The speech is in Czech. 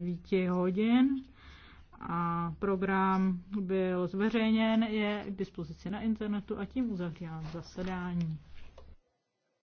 9 hodin a program byl zveřejněn, je k dispozici na internetu a tím uzavírám zasedání.